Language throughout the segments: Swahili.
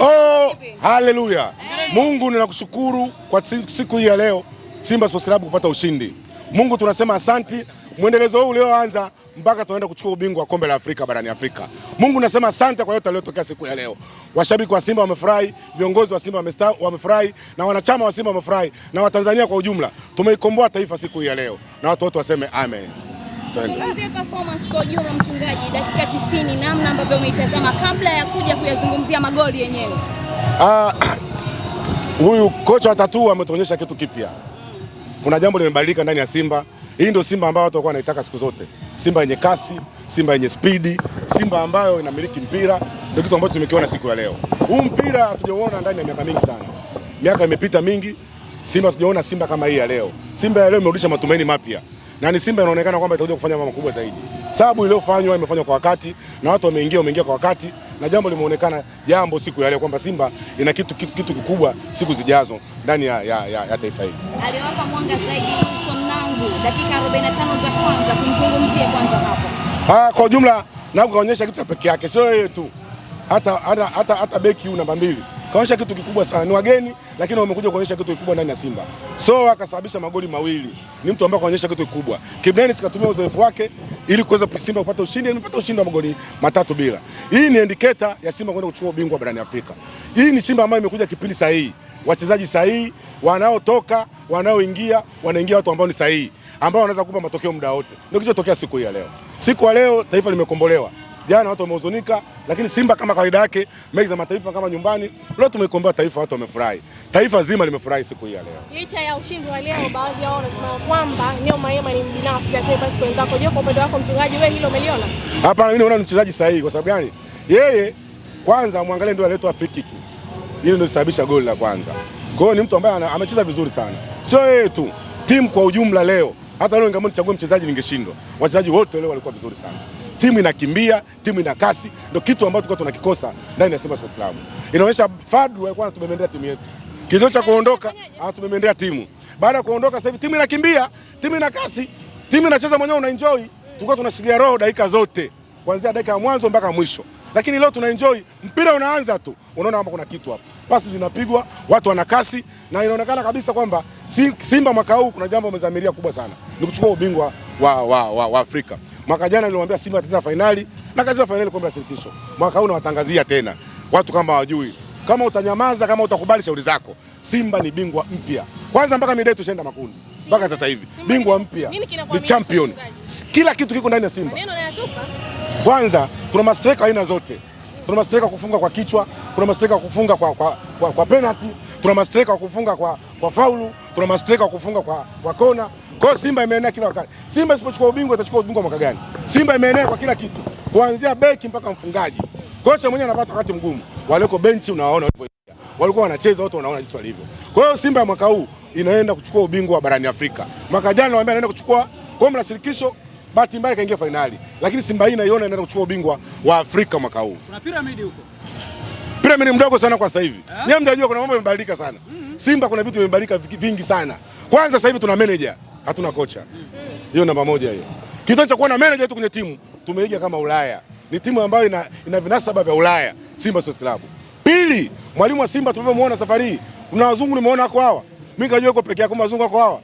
Oh, haleluya! Mungu ninakushukuru kwa siku hii ya leo Simba Sports Club kupata ushindi. Mungu tunasema asanti, mwendelezo huu ulioanza mpaka tunaenda kuchukua ubingwa wa kombe la Afrika barani Afrika. Mungu nasema asante kwa yote yaliyotokea siku ya leo. Washabiki wa Simba wamefurahi, viongozi wa Simba wamefurahi na wanachama wa Simba wamefurahi na Watanzania kwa ujumla. Tumeikomboa taifa siku hii ya leo na watu wote waseme amen performance kwa ujumla mchungaji, dakika 90 namna ambavyo umeitazama kabla ya kuja kuyazungumzia magoli yenyewe. Ah, huyu kocha wa tatu ametuonyesha kitu kipya. Mm. Kuna jambo limebadilika ndani ya Simba. Hii ndio Simba ambayo watu walikuwa wanaitaka siku zote, Simba yenye kasi, Simba yenye spidi, Simba ambayo inamiliki mpira. Ndio kitu ambacho tumekiona siku ya leo. Huu mpira hatujauona ndani ya miaka mingi sana, miaka imepita mingi, Simba hatujaona Simba kama hii ya leo. Simba ya leo imerudisha matumaini mapya na ni Simba inaonekana kwamba itakuja kufanya mambo makubwa zaidi. Sababu iliyofanywa imefanywa kwa wakati na watu wameingia wameingia kwa wakati na jambo limeonekana jambo siku ya leo kwamba Simba ina kitu, kitu, kitu kikubwa siku zijazo ndani ya, ya, ya, ya taifa hili. Aliwapa mwanga zaidi Wilson Nangu dakika 45 za kwanza kumzungumzia kwanza hapo. Ah, kwa ujumla Nangu kaonyesha kitu cha pekee yake, sio yeye tu, hata hata hata, hata beki huyu namba mbili kaonyesha kitu kikubwa sana. Ni wageni lakini wamekuja kuonyesha kitu kikubwa ndani ya Simba. So akasababisha magoli mawili. Ni mtu ambaye kaonyesha kitu kikubwa. Kibu katumia uzoefu wake ili kuweza Simba kupata ushindi, amepata ushindi wa magoli matatu bila. Hii ni indicator ya Simba kwenda kuchukua ubingwa barani Afrika. Hii ni Simba ambayo imekuja kipindi sahihi, wachezaji sahihi, wanaotoka, wanaoingia, wanaingia watu ambao ni sahihi, ambao wanaweza kupa matokeo muda wote. Ndio kilichotokea siku hii ya leo. Siku ya leo taifa limekombolewa. Jana watu wamehuzunika, lakini Simba kama kawaida yake, mechi za mataifa kama nyumbani, leo tumeikomboa taifa, watu wamefurahi. Taifa zima limefurahi siku hii ya leo. Licha ya ushindi wa leo, baadhi yao wanasema kwamba Neo Maema ni mbinafsi, atoe pasi kwa wenzako. Je, kwa upande wako mchungaji, wewe hilo umeliona? Hapana, mimi naona ni mchezaji sahihi. Kwa sababu gani? Yeye kwanza muangalie, ndio aletwa free kick. Ile ndio sababisha goli la kwanza. Kwa hiyo ni mtu ambaye amecheza vizuri sana, sio yeye tu, timu kwa ujumla leo. Hata leo ingawa nichague mchezaji ningeshindwa, wachezaji wote leo walikuwa vizuri sana timu inakimbia, timu ina kasi, ndio kitu ambacho tulikuwa tunakikosa ndani ya Simba Sports Club. Inaonyesha Fadu alikuwa anatumemendea timu yetu, kizo cha kuondoka anatumemendea timu. Baada ya kuondoka, sasa hivi timu inakimbia, timu ina kasi, timu inacheza mwenyewe, una enjoy. Tulikuwa tunashikilia roho dakika zote, kuanzia dakika ya mwanzo mpaka mwisho, lakini leo tuna enjoy, mpira unaanza tu, unaona kama kuna kitu hapo. pasi zinapigwa, watu wana kasi, na inaonekana kabisa kwamba Simba mwaka huu kuna jambo wamezamiria kubwa sana, ni kuchukua ubingwa wa, wa, wa, wa Afrika. Mwaka jana niliwaambia Simba atacheza fainali na kacheza fainali kombe la shirikisho. Mwaka huu nawatangazia tena watu kama wajui, kama utanyamaza, kama utakubali shauri zako, Simba ni bingwa mpya kwanza, mpaka midai tushaenda makundi mpaka sasa hivi, bingwa mpya ni champion, kila kitu kiko ndani ya Simba. Kwanza tuna mastreka aina zote, tuna mastreka kufunga kwa kichwa, tuna mastreka kufunga kwa, kwa, kwa, kwa penalty, tuna mastreka kufunga kwa, kwa faulu, tuna mastreka kufunga kwa, kwa kona kwa hiyo Simba imeenea kila wakati. Simba isipochukua ubingwa itachukua ubingwa mwaka gani? Simba imeenea kwa kila kitu, kuanzia beki mpaka mfungaji. Kocha mwenyewe anapata wakati mgumu, walioko benchi unawaona walipoingia, walikuwa wanacheza wote, wanaona jinsi walivyo. Kwa hiyo Simba ya mwaka huu inaenda kuchukua ubingwa wa barani Afrika. Mwaka jana waambia anaenda kuchukua kombe la shirikisho, bahati mbaya kaingia fainali, lakini Simba hii naiona inaenda kuchukua ubingwa wa Afrika mwaka huu. Kuna piramidi huko, piramidi mdogo sana kwa sasa hivi. Eh? Nyie mtajua kuna mambo yamebadilika sana mm. Simba, kuna vitu vimebadilika vingi sana. Kwanza sasa hivi tuna manager hatuna kocha hiyo, namba moja hiyo. Kitu cha kuwa na manager yetu kwenye timu tumeiga kama Ulaya, ni timu ambayo ina, ina vinasaba vya Ulaya, Simba Sports Club. Pili, mwalimu wa Simba tulivyomwona safari hii, kuna wazungu nimeona wako hawa, mimi kajua yuko peke yake, wazungu wako hawa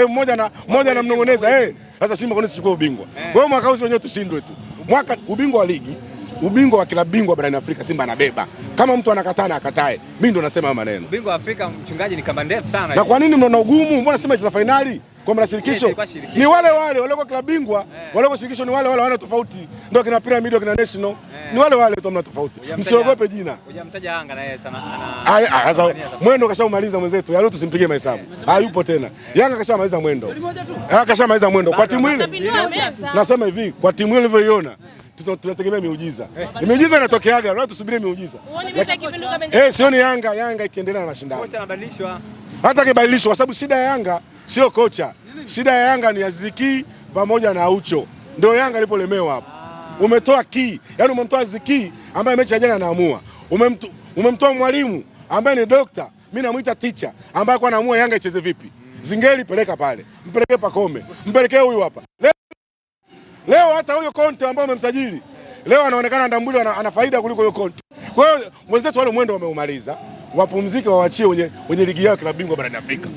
eh, mmoja na mmoja anamnong'oneza eh, sasa Simba kwa nini sichukue ubingwa? Eh. Kwa hiyo mwaka huu wenyewe tushindwe tu, mwaka ubingwa wa ligi ubingwa wa kila bingwa barani Afrika Simba anabeba. Kama mtu anakataa na akatae, mimi ndo nasema hayo maneno. Ubingwa wa Afrika mchungaji ni kama ndefu sana. Na kwa nini mnaona ugumu? Mbona Simba icheza finali? kombe la eh, shirikisho ni wale wale waliokuwa klabu bingwa yeah. Waliokuwa shirikisho ni wale wale, wana tofauti ndio kina Pyramid kina National yeah. Ni wale wale tu, mna tofauti, msiogope jina. Hujamtaja Yanga na yeye sana ana mwendo kashamaliza mwenzetu, yalo yaani tusimpige mahesabu yeah. Hayupo tena yeah. Yanga kashamaliza mwendo, kashamaliza mwendo kwa timu ile. Nasema hivi kwa timu ile ulivyoiona tunategemea miujiza, eh. miujiza inatokeaga, leo tusubirie miujiza. Eh, sioni Yanga Yanga ikiendelea na mashindano, hata kibadilishwa, kwa sababu shida ya Yanga sio kocha Shida ya Yanga ni Aziki pamoja na Aucho, ndio Yanga alipolemewa hapo. Umetoa ki, yani umemtoa Aziki ambaye mechi ya jana anaamua, umemtoa mwalimu ambaye ni dokta, mimi namuita teacher, ambaye kwa anaamua Yanga icheze vipi. Zingeli peleka pale, mpelekee Pakome, mpelekee huyu hapa leo, leo hata huyo Konte ambaye umemsajili leo anaonekana Ndambuli ana, ana faida kuliko hiyo Konte. Kwa hiyo wenzetu wale mwendo wameumaliza, wapumzike, wawachie wenye ligi yao klabu bingwa barani Afrika.